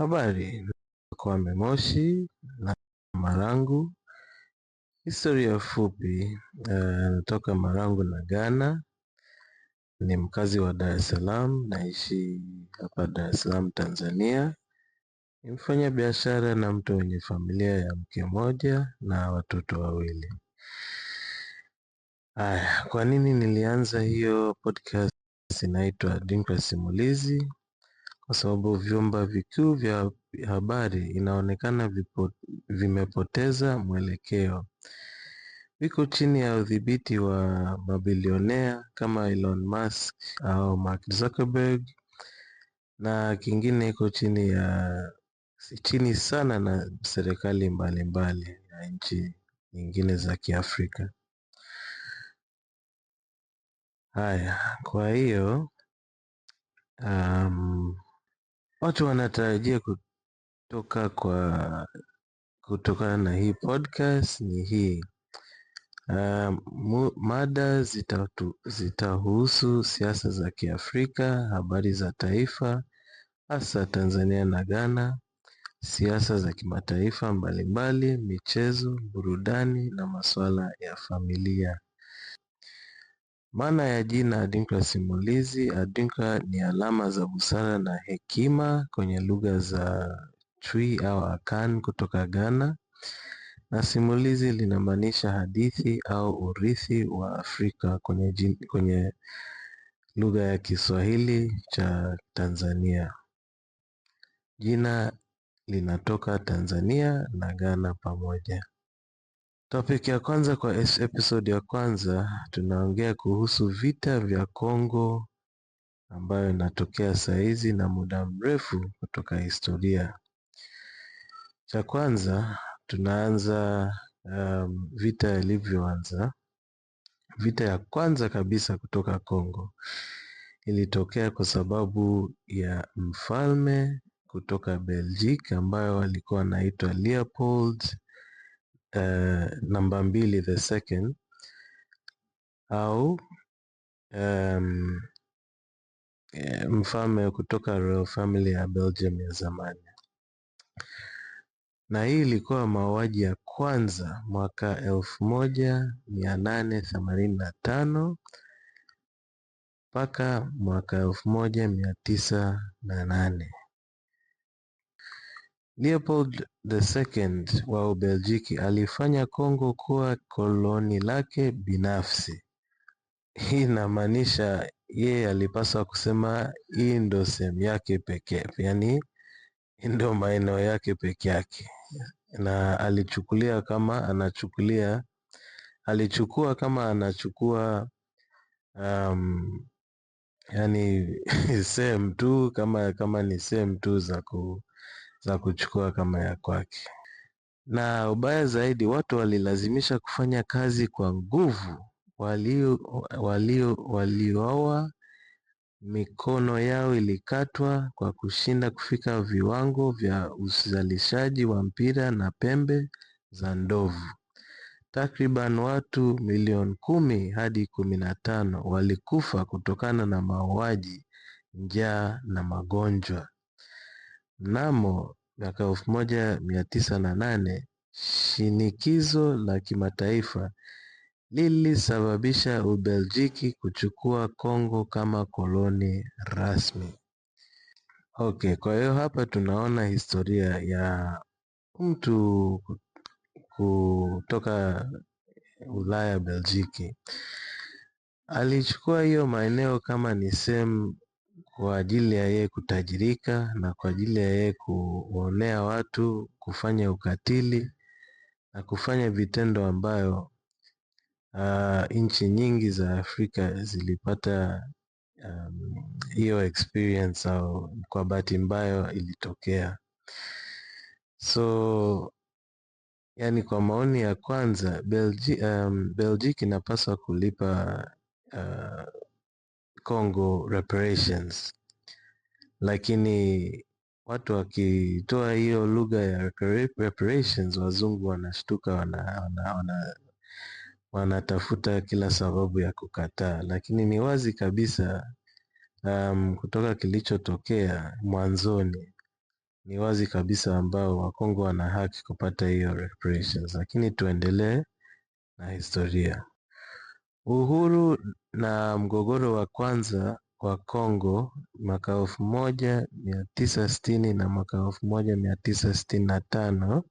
Habari nakwame Moshi na Marangu. Historia fupi, eh, natoka uh, Marangu na Ghana. Ni mkazi wa Dar es Salaam, naishi hapa Dar es Salaam Tanzania. Ni mfanya biashara na mtu wenye familia ya mke mmoja na watoto wawili. Haya, kwa nini nilianza hiyo podcast inaitwa Dinka Simulizi? kwa sababu vyombo vikuu vya habari inaonekana vimepoteza mwelekeo. Viko chini ya udhibiti wa mabilionea kama Elon Musk au Mark Zuckerberg na kingine iko chini ya chini sana na serikali mbalimbali ya nchi nyingine za Kiafrika. Haya, kwa hiyo um, watu wanatarajia kutoka kwa kutokana na hii podcast ni hii um, mada zitatu, zitahusu siasa za Kiafrika, habari za taifa hasa Tanzania na Ghana, siasa za kimataifa mbalimbali, michezo, burudani na masuala ya familia. Maana ya jina Adinkra Simulizi. Adinkra ni alama za busara na hekima kwenye lugha za Twi au Akan kutoka Ghana, na simulizi linamaanisha hadithi au urithi wa Afrika kwenye, kwenye lugha ya Kiswahili cha Tanzania. Jina linatoka Tanzania na Ghana pamoja. Topic ya kwanza kwa episode ya kwanza tunaongea kuhusu vita vya Kongo ambayo inatokea saizi na muda mrefu kutoka historia. Cha kwanza tunaanza um, vita ilivyoanza. Vita ya kwanza kabisa kutoka Kongo ilitokea kwa sababu ya mfalme kutoka Belgique ambayo alikuwa anaitwa Leopold uh, namba mbili the second au um, mfalme kutoka royal family ya Belgium ya zamani, na hii ilikuwa mauaji ya kwanza mwaka elfu moja mia nane themanini na tano mpaka mwaka elfu moja mia tisa na nane. Leopold II wa Ubeljiki alifanya Kongo kuwa koloni lake binafsi. Hii inamaanisha yeye alipaswa kusema hii ndio sehemu yake pekee, yaani ndio maeneo yake peke yake, na alichukulia kama anachukulia alichukua kama anachukua um, yani sehemu tu kama kama ni sehemu tu za ku za kuchukua kama ya kwake. Na ubaya zaidi, watu walilazimisha kufanya kazi kwa nguvu walio walio walioa mikono yao ilikatwa kwa kushinda kufika viwango vya uzalishaji wa mpira na pembe za ndovu. Takriban watu milioni kumi hadi kumi na tano walikufa kutokana na mauaji, njaa na magonjwa. Mnamo mwaka elfu moja mia tisa na nane shinikizo la kimataifa lilisababisha Ubelgiji kuchukua Kongo kama koloni rasmi. Okay, kwa hiyo hapa tunaona historia ya mtu kutoka Ulaya Belgiki alichukua hiyo maeneo kama ni sehemu kwa ajili ya yeye kutajirika na kwa ajili ya yeye kuonea watu, kufanya ukatili na kufanya vitendo ambayo ah, nchi nyingi za Afrika zilipata um, hiyo um, experience au kwa bahati mbaya ilitokea. So yani, kwa maoni ya kwanza Belgi, um, Belgiki inapaswa kulipa uh, Congo reparations, lakini watu wakitoa hiyo lugha ya reparations, wazungu wanashtuka, wanatafuta wana, wana, wana kila sababu ya kukataa, lakini ni wazi kabisa um, kutoka kilichotokea mwanzoni ni wazi kabisa ambao Wakongo wana haki kupata hiyo reparations, lakini tuendelee na historia. Uhuru na mgogoro wa kwanza wa Kongo mwaka elfu moja mia tisa sitini na mwaka elfu moja mia tisa sitini na tano.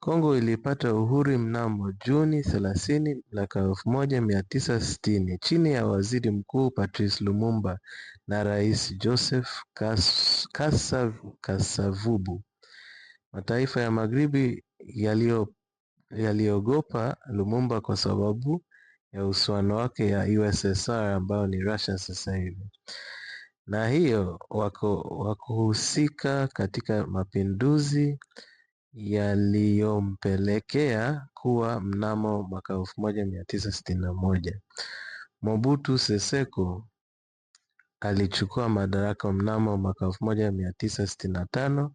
Kongo ilipata uhuru mnamo Juni thelathini mwaka elfu moja mia tisa sitini chini ya waziri mkuu Patrice Lumumba na rais Joseph Kasavubu. Mataifa ya magharibi yaliogopa Lumumba kwa sababu ya uhusiano wake ya USSR ambayo ni Russia sasa hivi, na hiyo wako wakuhusika katika mapinduzi yaliyompelekea kuwa mnamo mwaka 1961 Mobutu Seseko alichukua madaraka mnamo mwaka 1965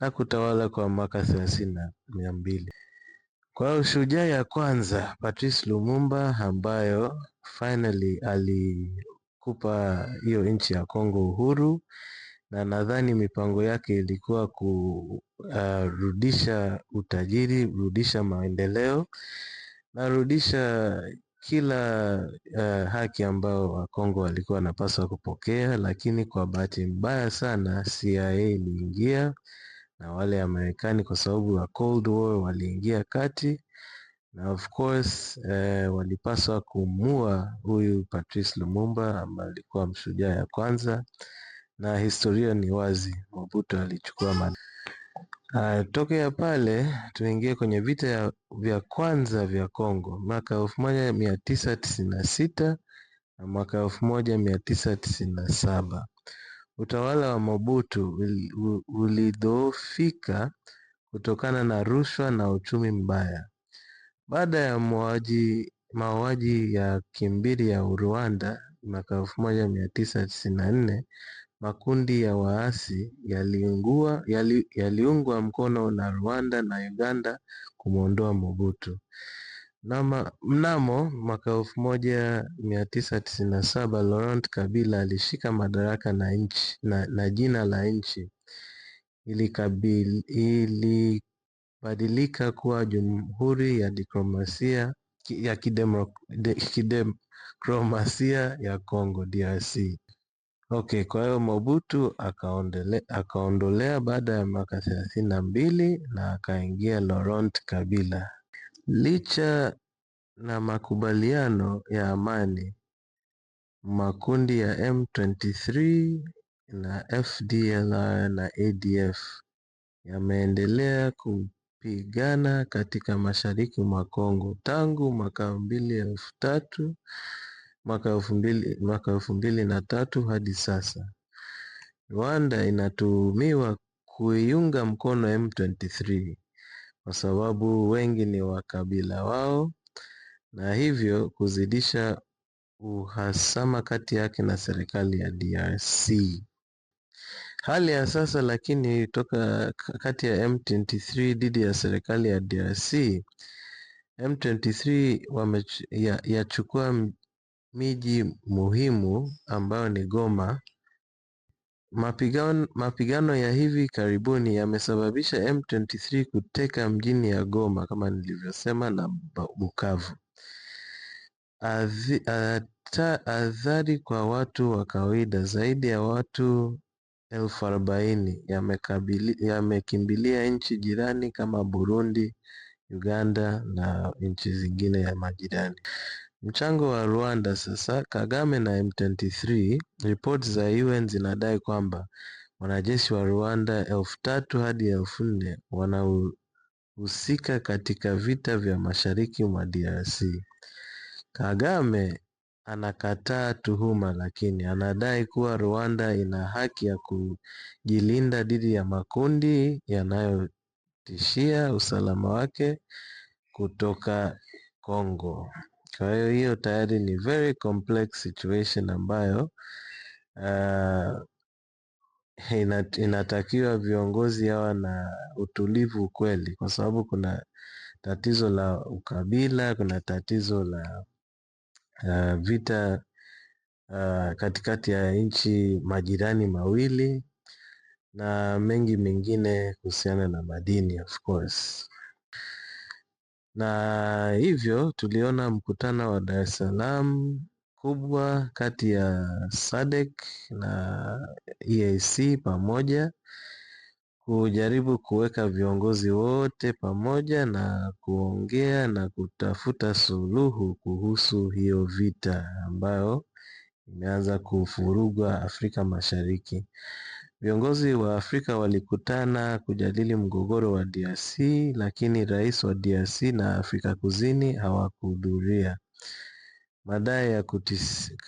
na kutawala kwa mwaka 32 kwa shujaa ya kwanza Patrice Lumumba ambayo finally alikupa hiyo nchi ya Kongo uhuru, na nadhani mipango yake ilikuwa kurudisha uh, utajiri, rudisha maendeleo na rudisha kila uh, haki ambao Wakongo walikuwa wanapaswa kupokea, lakini kwa bahati mbaya sana CIA iliingia na wale Marekani kwa sababu ya Cold War waliingia kati na of course eh, walipaswa kumua huyu Patrice Lumumba ambaye alikuwa mshujaa ya kwanza, na historia ni wazi, Mobutu alichukua mad... Uh, ah, tokea pale tuingie kwenye vita ya, vya kwanza vya Kongo mwaka elfu moja mia tisa tisini na sita na mwaka elfu moja mia tisa tisini na saba Utawala wa Mobutu ulidhoofika kutokana na rushwa na uchumi mbaya. Baada ya mauaji ya kimbiri ya Rwanda mwaka 1994, makundi ya waasi yaliungwa mkono na Rwanda na Uganda kumwondoa Mobutu. Mnamo mwaka 1997 Laurent Kabila alishika madaraka na jina la nchi ilibadilika kuwa Jamhuri ya Kidemokrasia ya Kongo DRC. Kwa hiyo Mobutu akaondolea baada ya miaka thelathini na mbili na akaingia Laurent Kabila. Licha na makubaliano ya amani, makundi ya M23 na FDLR na ADF yameendelea kupigana katika mashariki mwa Kongo tangu mwaka elfu mbili na tatu hadi sasa. Rwanda inatuhumiwa kuiunga mkono M23 kwa sababu wengi ni wa kabila wao na hivyo kuzidisha uhasama kati yake na serikali ya DRC. Hali ya sasa lakini toka kati ya M23 dhidi ya serikali ya DRC, M23 wamech, ya, miji muhimu ambayo ni Goma Mapigano ya hivi karibuni yamesababisha M23 kuteka mjini ya Goma kama nilivyosema na Bukavu. Athari kwa watu wa kawaida zaidi ya watu elfu arobaini yamekimbilia nchi jirani kama Burundi, Uganda na nchi zingine ya majirani. Mchango wa Rwanda sasa, Kagame na M23. Ripoti za UN zinadai kwamba wanajeshi wa Rwanda elfu tatu hadi elfu nne wanahusika katika vita vya mashariki mwa DRC. Kagame anakataa tuhuma lakini anadai kuwa Rwanda ina haki ya kujilinda dhidi ya makundi yanayotishia usalama wake kutoka Kongo. Kwa hiyo hiyo tayari ni very complex situation ambayo uh, inatakiwa viongozi hawa na utulivu kweli, kwa sababu kuna tatizo la ukabila, kuna tatizo la uh, vita uh, katikati ya nchi majirani mawili na mengi mengine kuhusiana na madini of course na hivyo tuliona mkutano wa Dar es Salaam kubwa kati ya SADC na EAC pamoja kujaribu kuweka viongozi wote pamoja na kuongea na kutafuta suluhu kuhusu hiyo vita ambayo imeanza kufurugwa Afrika Mashariki. Viongozi wa Afrika walikutana kujadili mgogoro wa DRC lakini rais wa DRC na Afrika Kusini hawakuhudhuria. Madai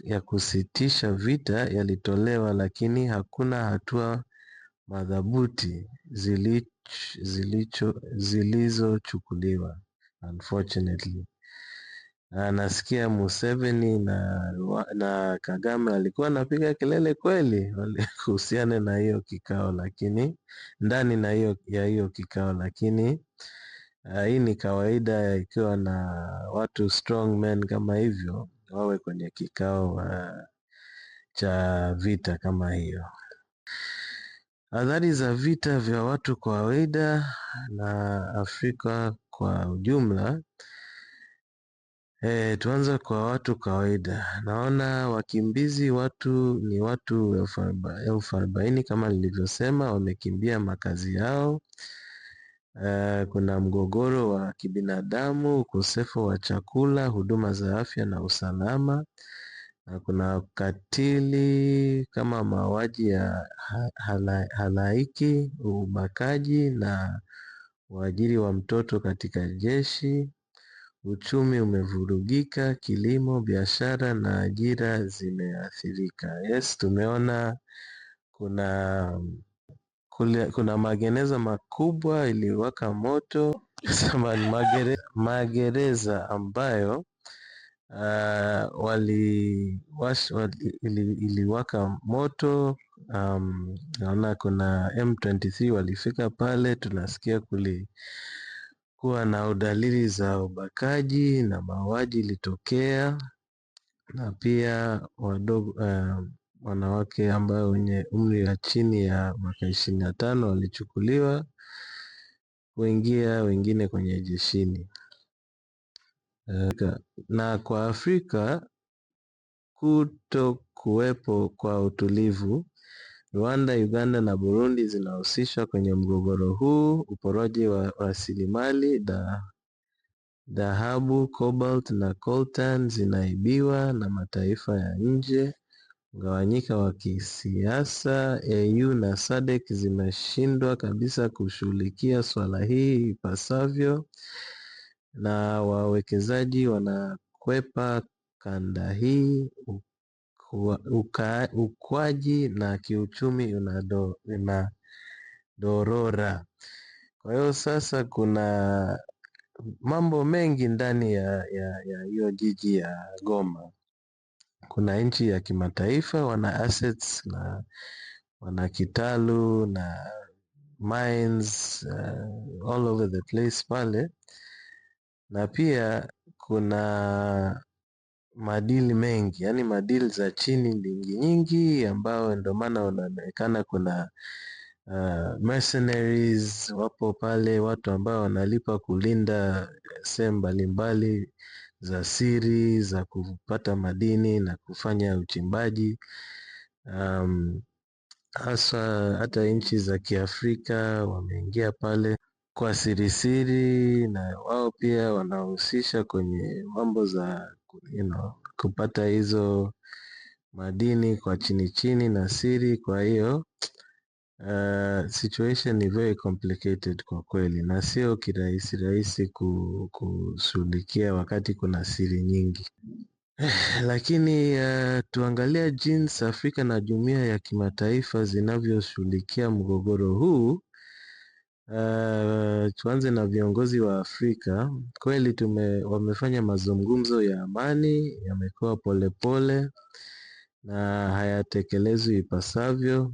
ya kusitisha vita yalitolewa lakini hakuna hatua madhabuti zilizochukuliwa unfortunately anasikia Museveni na, na Kagame alikuwa anapiga kelele kweli kuhusiana na hiyo kikao, lakini ndani na hiyo ya hiyo kikao, lakini uh, hii ni kawaida ikiwa na watu strong men kama hivyo wawe kwenye kikao uh, cha vita kama hiyo. Athari za vita vya watu kwa kawaida na Afrika kwa ujumla Eh, tuanze kwa watu kawaida. Naona wakimbizi watu ni watu elfu arobaini kama nilivyosema, wamekimbia makazi yao. Eh, kuna mgogoro wa kibinadamu, ukosefu wa chakula, huduma za afya na usalama. Na kuna ukatili kama mauaji ya halaiki, ubakaji na uajiri wa mtoto katika jeshi. Uchumi umevurugika, kilimo, biashara na ajira zimeathirika. Yes tumeona kuna magereza makubwa iliwaka moto, magereza ambayo ah, iliwaka moto. Um, naona kuna M23 walifika pale tunasikia kuli kuwa na dalili za ubakaji na mauaji ilitokea na pia eh, wanawake ambao wenye umri wa chini ya miaka ishirini na tano walichukuliwa kuingia wengine kwenye jeshini eh, na kwa Afrika kuto kuwepo kwa utulivu Rwanda, Uganda na Burundi zinahusishwa kwenye mgogoro huu, uporoji wa rasilimali dhahabu, cobalt na coltan zinaibiwa na mataifa ya nje. mgawanyika wa kisiasa, AU na SADC zimeshindwa kabisa kushughulikia swala hii ipasavyo na wawekezaji wanakwepa kanda hii ukuaji na kiuchumi unadorora. Kwa hiyo sasa kuna mambo mengi ndani ya hiyo jiji ya Goma. Kuna nchi ya kimataifa wana assets na wana kitalu na mines uh, all over the place pale, na pia kuna madili mengi, yaani madili za chini nyingi nyingi ambao ndio maana wanaonekana kuna uh, mercenaries wapo pale, watu ambao wanalipa kulinda eh, sehemu mbalimbali za siri za kupata madini na kufanya uchimbaji um, haswa hata nchi za Kiafrika wameingia pale kwa sirisiri, na wao pia wanahusisha kwenye mambo za you know, kupata hizo madini kwa chini chini na siri. Kwa hiyo uh, situation ni very complicated kwa kweli, na sio kirahisi rahisi kushughulikia wakati kuna siri nyingi lakini uh, eh, tuangalia jinsi Afrika na jumuiya ya kimataifa zinavyoshughulikia mgogoro huu Uh, tuanze na viongozi wa Afrika kweli tume, wamefanya mazungumzo ya amani, yamekuwa polepole na hayatekelezwi ipasavyo.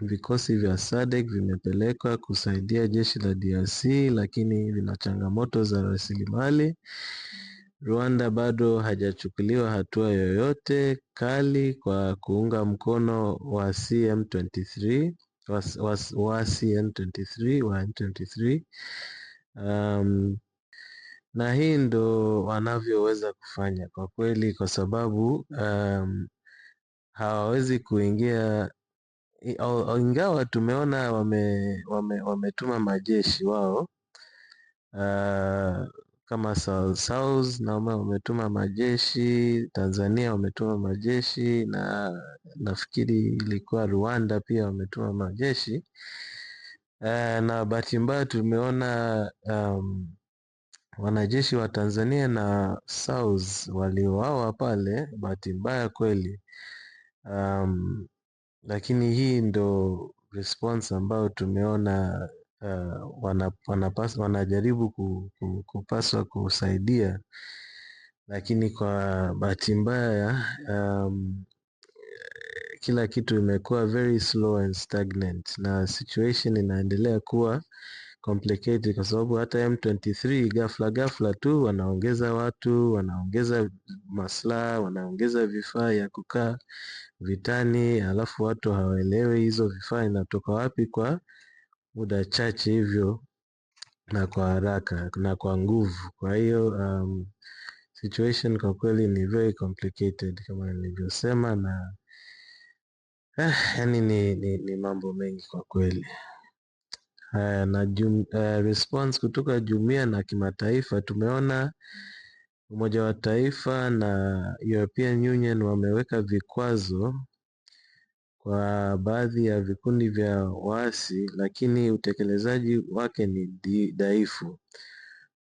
Vikosi vya SADC vimepelekwa kusaidia jeshi la DRC, lakini vina changamoto za rasilimali. Rwanda bado hajachukuliwa hatua yoyote kali kwa kuunga mkono wa CM23 WCN23 wa M23 um, na hii ndo wanavyoweza kufanya kwa kweli, kwa sababu um, hawawezi kuingia ingawa tumeona wametuma wame, wame majeshi wao uh, kama Seychelles na wametuma majeshi, Tanzania wametuma majeshi na nafikiri ilikuwa Rwanda pia wametuma majeshi e, na bahati mbaya tumeona um, wanajeshi wa Tanzania na South waliowawa pale, bahati mbaya kweli um, lakini hii ndo response ambayo tumeona uh, wanajaribu kupaswa kusaidia, lakini kwa bahati mbaya um, kila kitu imekuwa very slow and stagnant, na situation inaendelea kuwa complicated kwa sababu hata M23 ghafla ghafla tu wanaongeza watu, wanaongeza maslaha, wanaongeza vifaa ya kukaa vitani, alafu watu hawaelewi hizo vifaa inatoka wapi kwa muda chache hivyo na kwa haraka na kwa nguvu. Kwa hiyo um, situation kwa kweli ni very complicated kama nilivyosema, na eh, yani ni, ni, ni mambo mengi kwa kweli haya. Na jum, uh, response kutoka jumuiya na kimataifa, tumeona Umoja wa Taifa na European Union wameweka vikwazo kwa baadhi ya vikundi vya waasi lakini utekelezaji wake ni dhaifu.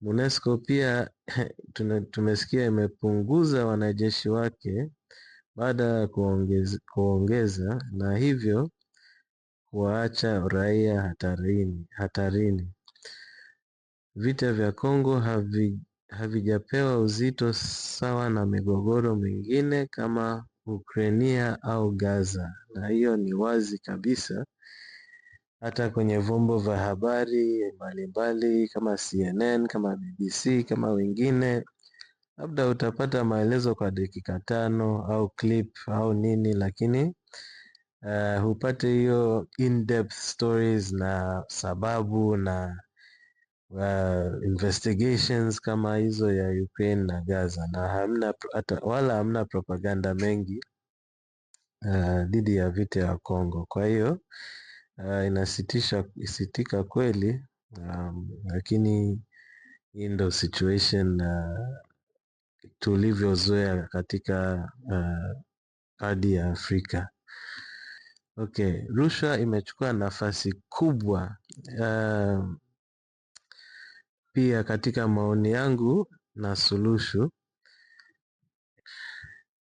MONUSCO pia tumesikia imepunguza wanajeshi wake baada ya kuongeza, kuongeza na hivyo kuwaacha raia hatarini, hatarini. Vita vya Kongo havi, havijapewa uzito sawa na migogoro mingine kama Ukrainia au Gaza na hiyo ni wazi kabisa hata kwenye vyombo vya habari mbalimbali kama CNN, kama BBC, kama wengine. Labda utapata maelezo kwa dakika tano au clip au nini lakini eh, hupate hiyo in-depth stories na sababu na investigations kama hizo ya Ukraine na Gaza na hamna hata, wala hamna propaganda mengi eh, dhidi uh, ya vita ya Kongo. Kwa hiyo uh, inasitisha isitika kweli um, lakini hii ndo situation uh, tulivyozoea katika uh, ya Afrika. Okay, rushwa imechukua nafasi kubwa uh, pia katika maoni yangu na suluhu,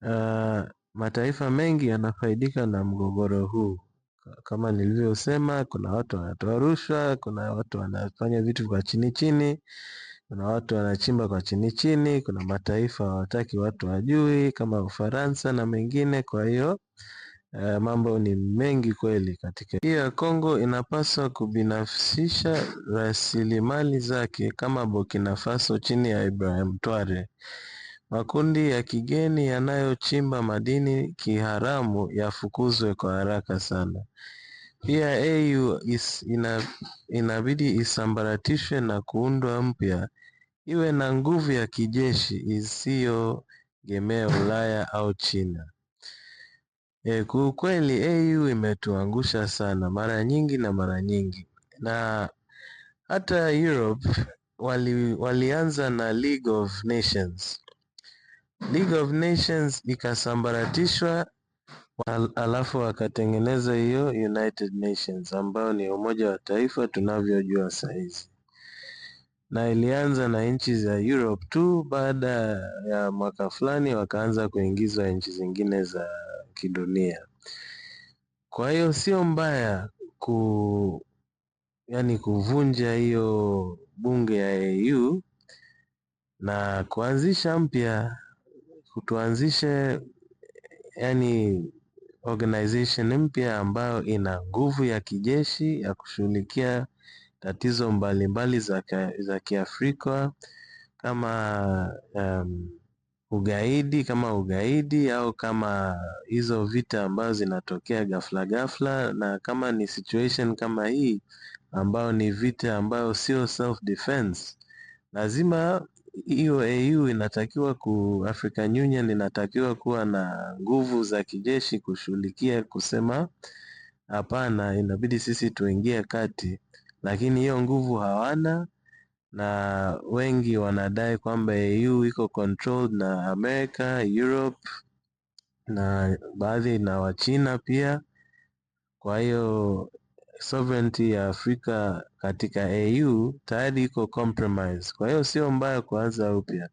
uh, eh, mataifa mengi yanafaidika na mgogoro huu. Kama nilivyosema, kuna watu wanatoa rushwa, kuna watu wanafanya vitu kwa chini chini, kuna watu wanachimba kwa chini chini, kuna mataifa hawataki watu wajui kama Ufaransa na mengine. Kwa hiyo Eh, mambo ni mengi kweli katika pia. Kongo inapaswa kubinafsisha rasilimali zake kama Burkina Faso chini ya Ibrahim tware Makundi ya kigeni yanayochimba madini kiharamu yafukuzwe kwa haraka sana. Pia AU is, ina, inabidi isambaratishwe na kuundwa mpya, iwe na nguvu ya kijeshi isiyoegemea Ulaya au China. E, ukweli AU imetuangusha sana mara nyingi na mara nyingi na hata Europe wali, walianza na League of Nations. League of Nations ikasambaratishwa alafu wakatengeneza hiyo United Nations ambayo ni Umoja wa Taifa tunavyojua sahizi, na ilianza na nchi za Europe tu. Baada ya mwaka fulani wakaanza kuingizwa nchi zingine za kidunia. Kwa hiyo sio mbaya ku yani kuvunja hiyo bunge ya AU na kuanzisha mpya kutuanzishe yani organization mpya ambayo ina nguvu ya kijeshi ya kushughulikia tatizo mbalimbali za Kiafrika kama um, ugaidi kama ugaidi au kama hizo vita ambazo zinatokea ghafla ghafla, na kama ni situation kama hii ambayo ni vita ambayo sio self defense, lazima hiyo AU inatakiwa ku African Union inatakiwa kuwa na nguvu za kijeshi kushughulikia kusema hapana, inabidi sisi tuingie kati, lakini hiyo nguvu hawana na wengi wanadai kwamba EU iko controlled na America, Europe na baadhi na Wachina pia. Kwa hiyo sovereignty ya Afrika katika AU tayari iko compromise. Kwa hiyo sio mbaya kuanza upya,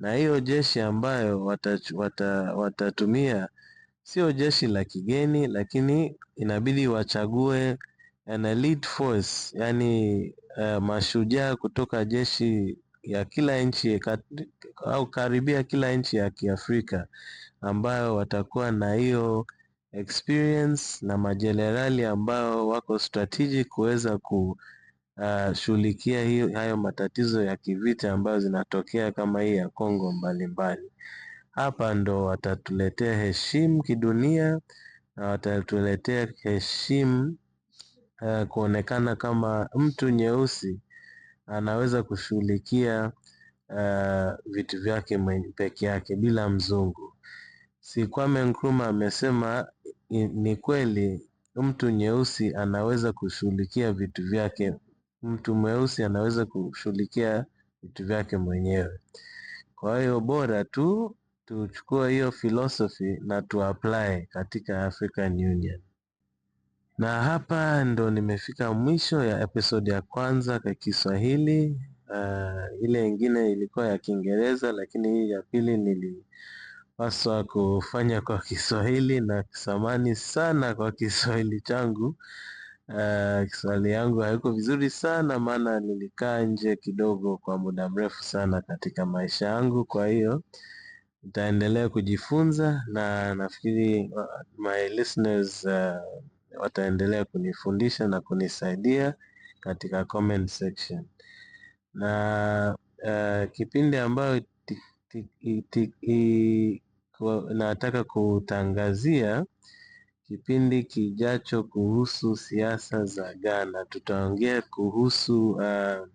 na hiyo jeshi ambayo watatumia wata, wata sio jeshi la kigeni, lakini inabidi wachague an elite force yani Eh, mashujaa kutoka jeshi ya kila nchi au karibia kila nchi ya kiafrika ambayo watakuwa na hiyo experience na majenerali ambao wako strategic kuweza kushughulikia ah, hayo matatizo ya kivita ambayo zinatokea kama hii ya Kongo mbalimbali. Hapa ndo watatuletea heshima kidunia na watatuletea heshima Eh, kuonekana kama mtu nyeusi anaweza kushughulikia eh, vitu vyake peke yake bila mzungu. Si Kwame Nkrumah amesema ni kweli mtu nyeusi anaweza kushughulikia vitu vyake, mtu mweusi anaweza kushughulikia vitu vyake mwenyewe. Kwa hiyo bora tu tuchukue hiyo philosophy na tuapply katika African Union. Na hapa ndo nimefika mwisho ya episode ya kwanza kwa Kiswahili. Uh, ile ingine ilikuwa ya Kiingereza, lakini hii ya pili nilipaswa kufanya kwa Kiswahili na kisamani sana kwa Kiswahili changu. Uh, Kiswahili yangu haiko vizuri sana, maana nilikaa nje kidogo kwa muda mrefu sana katika maisha yangu. Kwa hiyo nitaendelea kujifunza na nafikiri uh, my listeners uh, wataendelea kunifundisha na kunisaidia katika comment section na uh, kipindi ambayo nataka kutangazia kipindi kijacho kuhusu siasa za Ghana. Tutaongea kuhusu uh,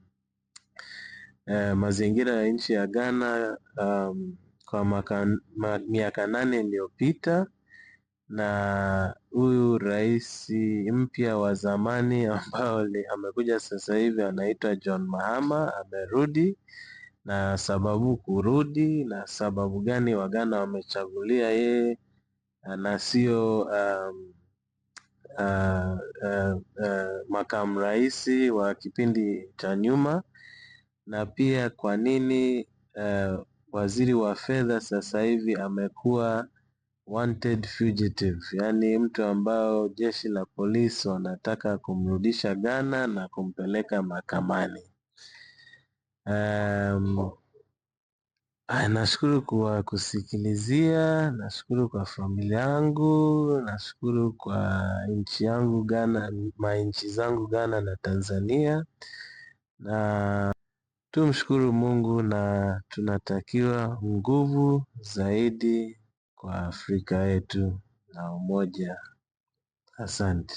uh, mazingira ya nchi ya Ghana um, kwa miaka nane iliyopita na huyu rais mpya wa zamani ambao amekuja sasa hivi anaitwa John Mahama amerudi. Na sababu kurudi na sababu gani Wagana wamechagulia yeye na sio um, uh, uh, uh, makamu rais wa kipindi cha nyuma, na pia kwa nini uh, waziri wa fedha sasa hivi amekuwa wanted fugitive, yaani mtu ambao jeshi la polisi wanataka kumrudisha Ghana na kumpeleka mahakamani. Um, nashukuru kwa kusikilizia, nashukuru kwa familia yangu, nashukuru kwa nchi yangu Ghana, manchi zangu Ghana na Tanzania, na tumshukuru Mungu na tunatakiwa nguvu zaidi kwa Afrika yetu na umoja. Asante.